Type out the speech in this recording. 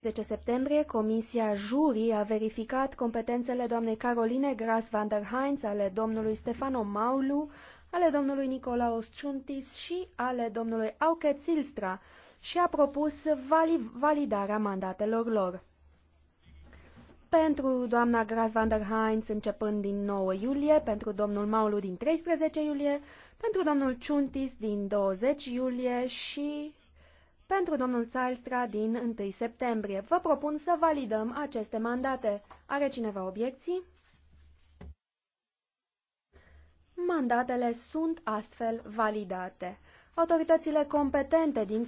10 septembrie, Comisia juri a verificat competențele doamnei Caroline Gras van der Heinz, ale domnului Stefano Maulu, ale domnului Nicola Ciuntis și ale domnului Auke Zilstra și a propus vali validarea mandatelor lor. Pentru doamna Gras van der Heinz începând din 9 iulie, pentru domnul Maulu din 13 iulie, pentru domnul Ciuntis din 20 iulie și pentru domnul Țailstra din 1 septembrie. Vă propun să validăm aceste mandate. Are cineva obiecții? Mandatele sunt astfel validate. Autoritățile competente din